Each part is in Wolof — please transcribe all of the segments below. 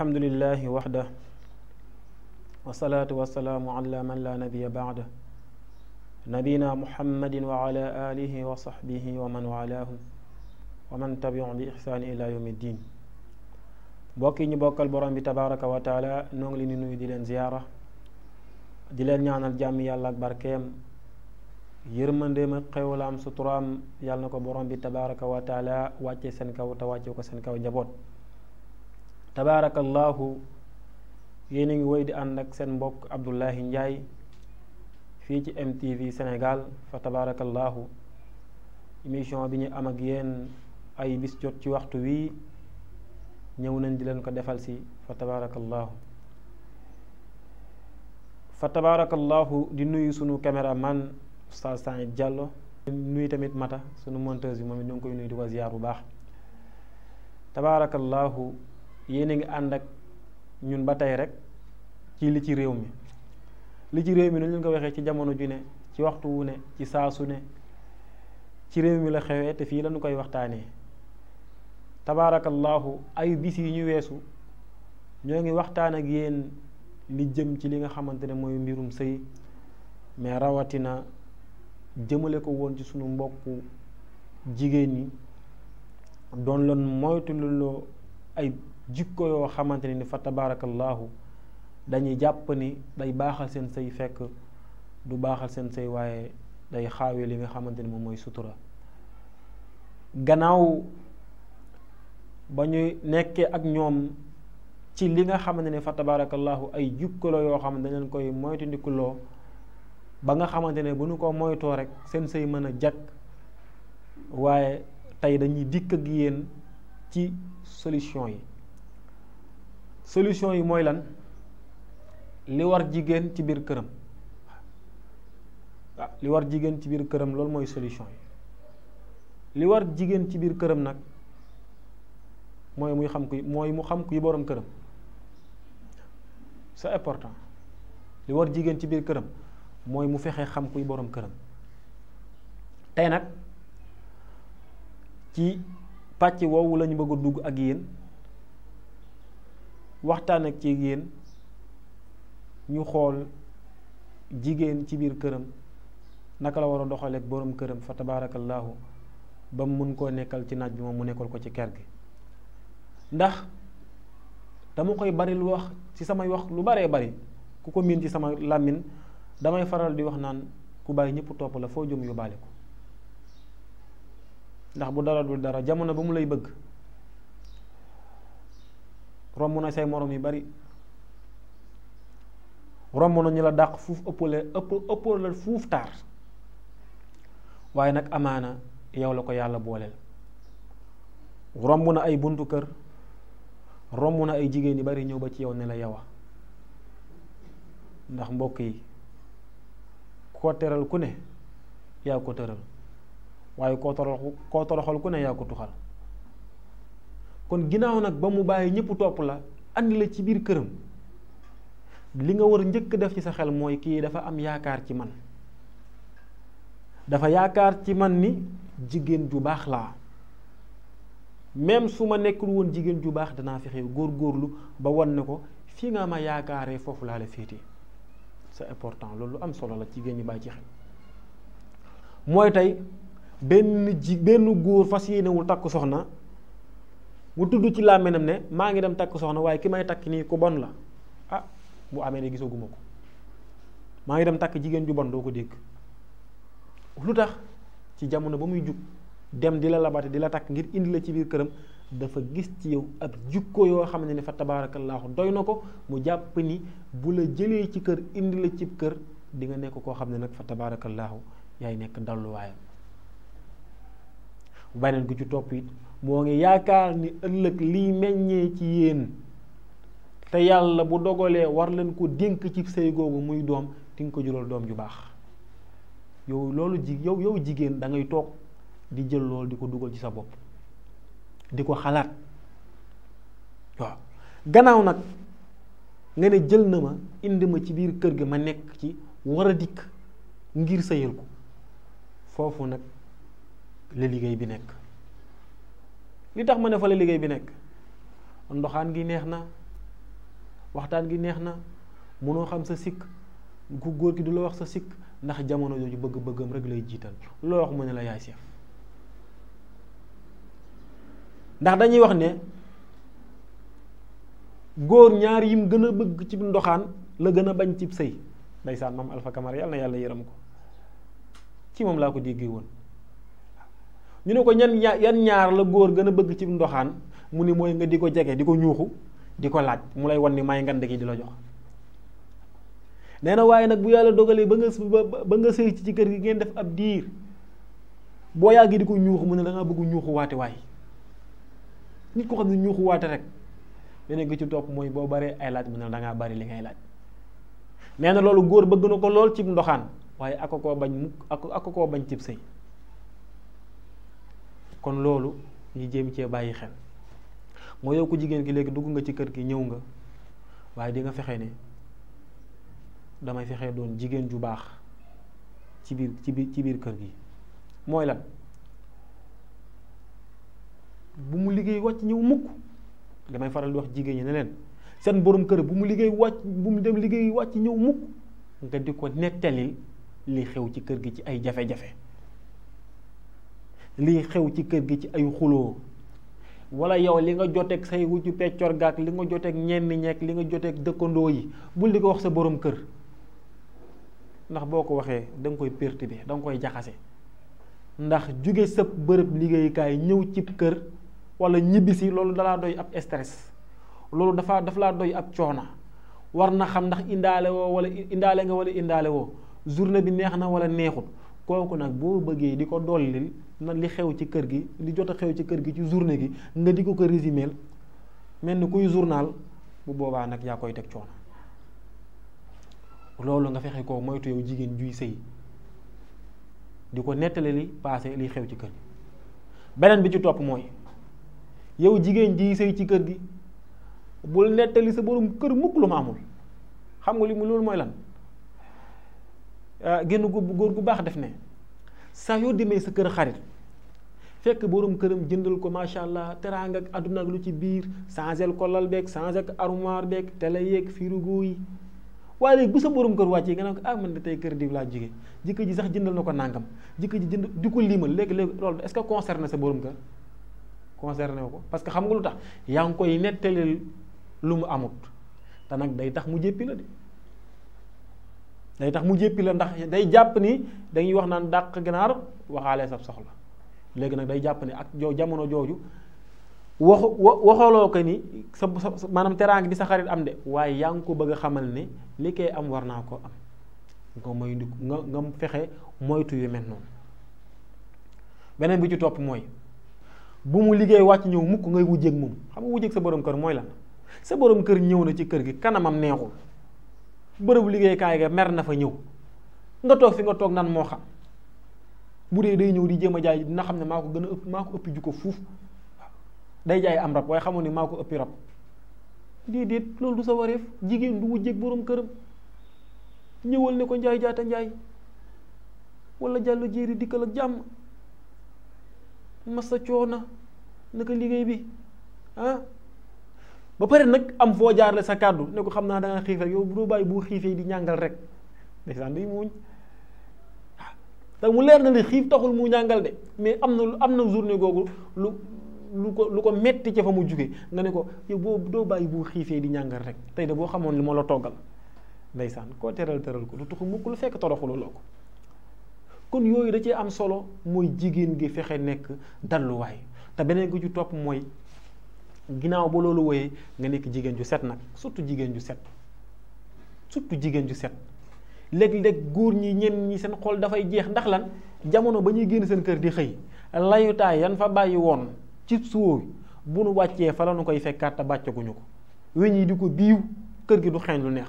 alhamdulillahi waxda wasalaatu wasalaamu ala man laa nabiya baada nabina muhammadin wa ala wa saxbihi wa man walaahum wa man tabiu bi ixsaani ila yawmi ddin mbokk yi ñu bokkal borom bi tabaraka wa taala noo ngi leen di nuyu di leen ziyaara di leen ñaanal jàmm yàlla ak barkeem yërmandeem ak xewlaam suturaam yàlla na ko borom bi tabaraka wa taala wàcce seen kaw te wàcce ko seen kaw njaboot tabaarakallaahu yéen a ngi woy di ànd ak seen mbokk Abdoulaye njaay fii ci MTV Sénégal fa tabaarakallaahu émission bi ñu am ak yéen ay bis ci waxtu wii ñëw nañ di leen ko defal si fa tabaarakallaahu fa tabaarakallaahu di nuyu sunu caméraman sa Saïd Diallo nuyu tamit Mata sunu monteuse yi moom it ñu ngi koy nuyu di ko bu baax tabaarakallaahu yéen a ngi ànd ak ñun ba tey rek ci li ci réew mi li ci réew mi nañ leen ko waxee ci jamono ju ne ci waxtu wu ne ci saa su ne ci réew mi la xewee te fii lañu koy waxtaanee tabaarakallaahu ay bis yi ñu weesu ñoo ngi waxtaan ak yéen li jëm ci li nga xamante ne mooy mbirum sëy mais rawatina jëmale ko woon ci sunu mbokku jigéen ñi doon loon moytu loo ay jikko yoo xamante ne ni fa tabaarakallaahu dañuy jàpp ni day baaxal seen say fekk du baaxal seen sëy waaye day xaawe li nga xamante ni moom mooy sutura gannaaw ba ñuy nekkee ak ñoom ci li nga xamante ne fa tabaarakallaahu ay jikko yoo xam ne dañ koy moytu ndikuloo ba nga xamante ne bu ñu ko moytoo rek seen sëy mën a jag waaye tey dañuy dikk ak yéen ci solution yi solution yi mooy lan li war jigéen ci biir këram waaw ah, li war jigéen ci biir këram loolu mooy solution yi li war jigéen ci biir këram nag mooy muy xam kuy mooy mu xam kuy boroom këram c'est important li war jigéen ci biir këram mooy mu fexe xam kuy boroom këram tey nag ci pàcc woowu lañu bëgg a dugg ak yéen waxtaan ak ci yéen ñu xool jigéen ci biir këram naka la war a doxalee ak borom këram fa tabaarakallaahu ba mu mun koo nekkal ci naaj bi moom mu nekkal ko ci kër gi ndax dama koy bari lu wax ci samay wax lu baree bari ku ko miin ci sama làmmiñ damay faral di wax naan ku bari ñépp topp la foo jëm yóbbaale ko ndax bu dara dul dara jamono ba mu lay bëgg romb na say morom yu bari romb na ñu la dàq fuuf ëppale ëpp ëppal la fuuf taar waaye nag amaana yow la ko yàlla booleel romb na ay buntu kër romb na ay jigéen yu bari ñëw ba ci yow ne la yawa ndax mbokk yi koo tëral ku ne yaa ko tëral waaye koo torox koo toroxal ku ne yaa ko tuxal kon ginnaaw nag ba mu bàyyi ñëpp topp la andi la ci biir këram li nga war njëkk def ci sa xel mooy kii dafa am yaakaar ci man dafa yaakaar ci man ni jigéen ju baax laa même su ma nekkul woon jigéen ju baax danaa fexe góor góorlu ba won ne ko fii nga ma yaakaaree foofu laa la féete c'est important loolu am solo la jigéen ñi bàyyi ci xel mooy tey benn ji benn góor fas yéenewul takk soxna mu tudd ci làmmiñam ne maa ngi dem takk soxna waaye ki may takk nii ku bon la ah bu amee ne gisaguma ko maa ngi dem takk jigéen ju bon doo ko dégg lu tax ci jamono ba muy jug dem di la labate di la takk ngir indi la ci biir këram dafa gis ci yow ab jukko yoo xam ne ni fa tabaarakallaahu doy na ko mu jàpp ni bu la jëlee ci kër indi la cib kër di nga nekk koo xam ne nag fa tabaarakallaahu yaay nekk dalluwaayam beneen gu ci topp it moo ngi yaakaar ni ëllëg liy meññee ci yéen te yàlla bu dogalee war leen ko dénk ci sëy googu muy doom di nga ko jural doom ju baax yow loolu ji yow yow jigéen dangay toog di jël loolu di ko dugal ci sa bopp di ko xalaat waaw gannaaw nag nga ne jël na ma indi ma ci biir kër gi ma nekk ci war a dikk ngir sëyal ko foofu nag la liggéey bi nekk li tax ma ne fa la liggéey bi nekk ndoxaan gi neex na waxtaan gi neex na mënoo xam sa sikk ku góor ki du la wax sa sikk ndax jamono jooju bëgg-bëggam rek lay jiital loo wax mu ne la yaay seef ndax dañuy wax ne góor ñaar mu gën a bëgg ci ndoxaan la gën a bañ cib sëy ndeysaan maam Alpha Camara yàlla yàlla yërëm ko ci moom laa ko déggee woon ñu ne ko ñan ña yan ñaar la góor gën a bëgg ci ndoxaan mu ni mooy nga di ko jege di ko ñuuxu di ko laaj mu lay wan ni may ngande gi di la jox nee na waaye nag bu yàlla dogalee ba nga ba nga sëy ci kër gi ngeen def ab diir boo yàggee di ko ñuuxu mu ne da bëgg ñuuxu waate waay nit ko xam ne rek leneen gi ci topp mooy boo baree ay laaj mu ne bari li laaj nee na loolu góor bëgg na ko lool cib ndoxaan waaye ak ko bañ mukk ak ko bañ cib sëy kon loolu ñu jéem cee bàyyi xel moo yow ku jigéen gi léegi dugg nga ci kër gi ñëw nga waaye dinga fexe ne damay fexe doon jigéen ju baax ci biir ci biir ci biir kër gi mooy la bu mu liggéey wàcc ñëw mukk damay faral di wax jigéen ñi ne seen borom kër bu mu liggéey wàcc bu dem liggéey wàcc ñëw mukk nga di ko nettalil li xew ci kër gi ci ay jafe-jafe lii xew ci kër gi ci ay xuloo wala yow li nga joteeg say wujju peccor gaak li nga joteeg ñenn ñeek li nga joteeg dëkkandoo yi bul di ko wax sa borom kër ndax boo ko waxee danga koy perturber bi danga koy jaxase ndax jóge sa bërëb liggéeyukaay ñëw cib kër wala ñibbisi loolu dalaa doy ab stress loolu dafa daf laa doy ab coona war na xam ndax indaale woo wala indaale nga wala indaale woo journée bi neex na wala neexul kooku nag boo bëggee di ko dollil na li xew ci kër gi li jot a xew ci kër gi ci journée gi nga di ko ko résuméel mel ni kuy journal bu boobaa nag yaa koy teg coono loolu nga fexe ko moytu yow jigéen juy sëy di ko nettali li paase li xew ci kër gi beneen bi ci topp mooy yow jigéen jiy sëy ci kër gi bul nettali sa borom kër mukk lu ma amul xam nga li mu loolu mooy lan ah, génn gu góor gu baax def ne saa yoo demee sa kër xarit fekk borom këram jëndal ko macha allah teraanga ak àdduna ak lu ci biir changel ko lal beeg changé ko armoire beeg télé yeeg frigo yi waaye léegi bu sa borom kër wàccee nga ne ko ah man de tey kër diw laa jóge jëkkër ji sax jëndal na ko nàngam jëkkër ji jënd di ko limal léegi léegi loolu est-ce que concerné sa borom kër concerné wu ko parce que xam nga lu tax yaa ngi koy nettalil lu mu amut te nag day tax mu jéppi la de. day tax mu jéppi la ndax day jàpp ni dañuy wax naan dàq ganaar waxaale sab soxla léegi nag day jàpp ni ak joo jamono jooju waxu waxooloo ko ni sa sa maanaam teraange bi sa xarit am de waaye yaa ngi ko bëgg a xamal ni li koy am war naa ko am nga moy ndi nga nga fexe moytu yu mel noonu beneen bi ci topp mooy bu mu liggéey wàcc ñëw mukk ngay wujjeeg moom xam nga wujjeeg sa borom kër mooy lan sa boroom kër ñëw na ci kër gi kanamam neexul bërëbu liggéeykaay ga mer na fa ñëw nga toog fi nga toog nan moo xam bu dee day ñëw di jéem a jaay dina xam ne maa ko gën a ëpp maa ko ëppi ju ko fuuf day jaay am rab waaye xamoon ni maa ko ëppi rab déedéet loolu du sa wareef jigéen du wujjeeg boroom këram ñëwal ne ko njaay jaata njaay walla jàll jéeri dikkal ak jàmm masa coona naka liggéey bi ah? ba pare nag am foo jaarle sa kàddu ne ko xam naa da nga xiif rek yow bu doo bàyyi bu xiifee di ñàngal rek ndeysaan day muuñ mu leer na ne xiif taxul mu ñàngal de mais am na lu am na journée googu lu lu ko lu ko metti ca fa mu jóge nga ne ko yow boo doo bàyyi bu xiifee di ñàngal rek tey de boo xamoon li ma la toggal ndeysaan koo teral teral ko lu tuxu mukk lu fekk toroxululoo ko kon yooyu da cee am solo mooy jigéen gi fexe nekk dalluwaay te beneen gu ci topp mooy ginnaaw ba loolu wooyee nga nekk jigéen ju set nag surtout jigéen ju set surtout jigéen ju set léeg-léeg góor ñi ñenn ñi seen xol dafay jeex ndax lan jamono ba ñuy génn seen kër di xëy layutaay yan fa bàyyi woon ci suuf bu nu wàccee fa la koy fekkaat te bàccaguñu ko weñ yi di ko biiw kër gi du xeeñ lu neex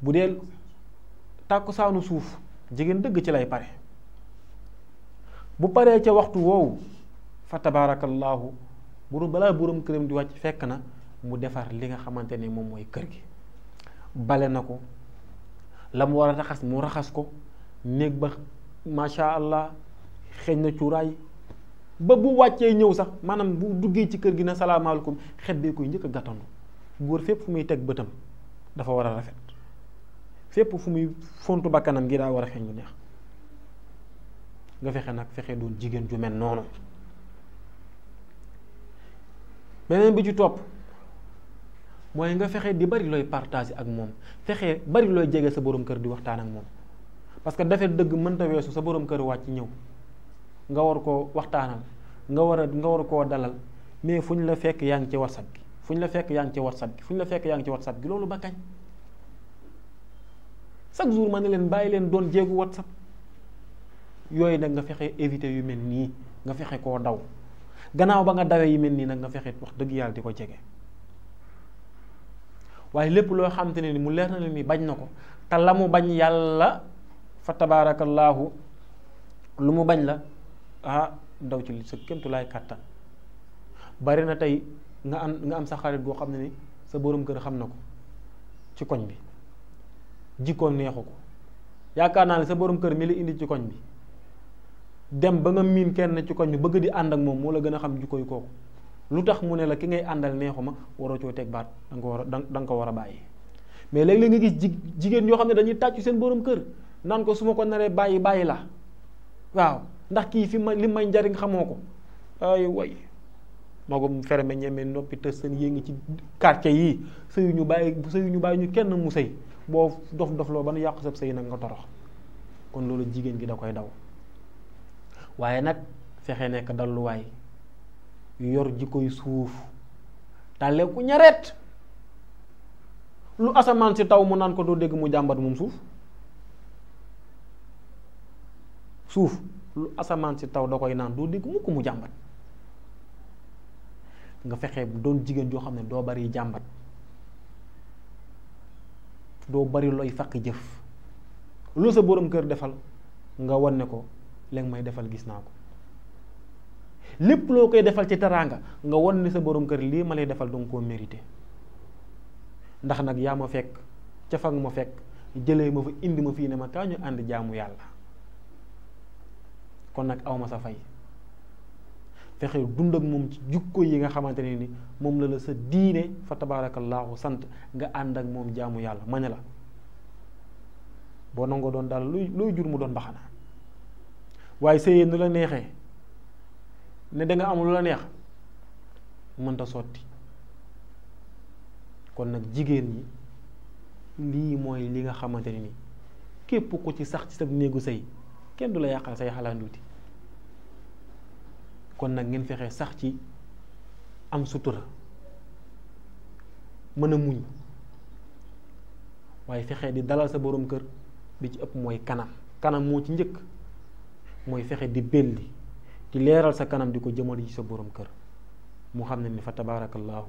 bu dee tàkkusaanu suuf jigéen dëgg ci lay pare bu paree ca waxtu woowu fa tabaarakallaahu buru balaa borom këram di wàcc fekk na mu defar li nga xamante ne moom mooy kër gi bale na ko la mu war a raxas mu raxas ko néeg ba macha allah xeeñ na cuuraay ba bu wàccee ñëw sax maanaam bu duggee ci kër gi na salaamaaleykum xet bee koy njëkk a gàttandu góor fépp fu muy teg bëtam dafa war a rafet fépp fu muy fontu bakkanam gi daa war a xeeñ lu neex nga fexe nag fexe doon jigéen ju mel noonu beneen bi ci topp mooy nga fexe di bari looy partage ak moom fexe bari looy jege sa borom kër di waxtaan ak moom parce que dafa dëgg mënta weesu sa borom kër wàcc ñëw nga war koo waxtaanal nga war a nga war koo dalal mais fu ñu la fekk yaa ngi ci whatsapp gi fu ñu la fekk yaa ngi ci whatsapp gi fu ñu la fekk yaa ngi ci whatsapp gi loolu ba kañ chaque jour ma ne leen bàyyi leen doon jéegu whatsapp yooyu nag nga fexe éviter yu mel nii nga fexe koo daw gannaaw ba nga dawee yi mel nii nag nga fexe wax dëgg yàlla di ko jege waaye lépp loo xamante ne ni mu leer na la ni bañ na ko te la mu bañ yàlla fa tabaarakallaahu lu mu bañ la ah daw ci sa kémtu laay kàttan bari na tey nga am nga am sa xarit boo xam ne ni sa boroom kër xam na ko ci koñ bi jikkoon neexu ko yaakaar naa ne sa boroom kër mi la indi ci koñ bi dem ba nga miin kenn ci koñ bi bëgg di ànd ak moom moo la gën a xam jikko yu kooku lu tax mu ne la ki ngay àndal neexuma waroo coo teg baat da ko war a da nga ko war a bàyyi mais léegi léeg nga gis ji jigéen yoo xam ne dañuy tàccu seen borom kër naan ko su ma ko naree bàyyi bàyyi la waaw ndax kii fi ma li may njariñ xamoo ko ay way magum ferme ñemee noppi te seen yéngi ci quartier yi sëyu ñu bàyyi sëyu ñu bàyyi ñu kenn mu sëy boo dof dofloo ba nu yàqu sab sëy nag nga torox kon loolu jigéen gi da koy daw waaye nag fexe nekk dalluwaay yor jikkoy suuf tàllee ku ñareet lu asamaan si taw mu naan ko doo dégg mu jàmbat moom suuf suuf lu asamaan si taw da koy naan doo dégg mukk mu jàmbat nga fexe doon jigéen joo xam ne doo bari jàmbat doo bari looy faq jëf lu sa borom kër defal nga wan ne ko li nga may defal gis naa ko lépp loo koy defal ci teraanga nga won ni sa boroom kër lii ma lay defal danga koo mérité ndax nag yaa ma fekk ca fag ma fekk jële ma fa indi ma fii ne ma kaa ñu ànd jaamu yàlla kon nag awma sa fay fexee dund ak moom ci jukko yi nga xamante ne ni moom la la sa diine fa tabaarakallaahu sant nga ànd ak moom jaamu yàlla ma ne la boo nangoo doon daal looy jur mu doon mbaxana waaye sëyee nu la neexee ne danga nga am lu la neex mënta sotti kon nag jigéen ñi lii mooy li nga xamante ne ni képp ku ci sax ci sa néegu sëy kenn du la yàqal say xalaanduuti kon nag ngeen fexe sax ci am sutura mën a muñ waaye fexe di dalal sa boroom kër bi ci ëpp mooy kanam kanam moo ci njëkk mooy fexe di belli di leeral sa kanam di ko jëmal ci sa borom kër mu xam na ni fa tabaarakallaahu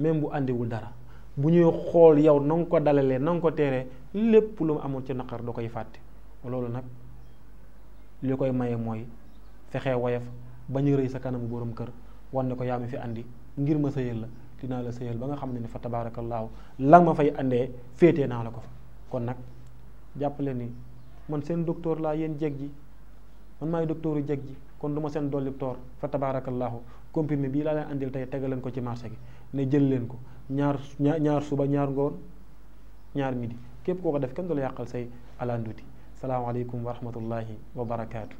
même bu àndiwul dara bu ñuy xool yow na ko dalalee na nga ko teeree lépp lu mu amoon ci naqar da koy fàtte loolu nag li koy maye mooy fexe woyof ba ñu rey sa kanamu boroom kër wan ne ko yaa mi fi àndi ngir ma sëyal la dinaa la sëyal ba nga xam ne ni fa tabaarakallaahu lan ma fay àndee féetee naa la ko fa kon nag jàppale ni man seen docteur laa yéen jeeg man maay docteuru jeg ji kon du ma seen dolli toor fa tabaarakallaahu comprimé bii laa leen andil tey tegal leen ko ci marché gi ne jël leen ko ñaar ñaar suba ñaar ngoon ñaar midi képp koo ko def kenn du la yàqal say alanduti salaamaaleykum wa rahmatullahi wa barakaatu.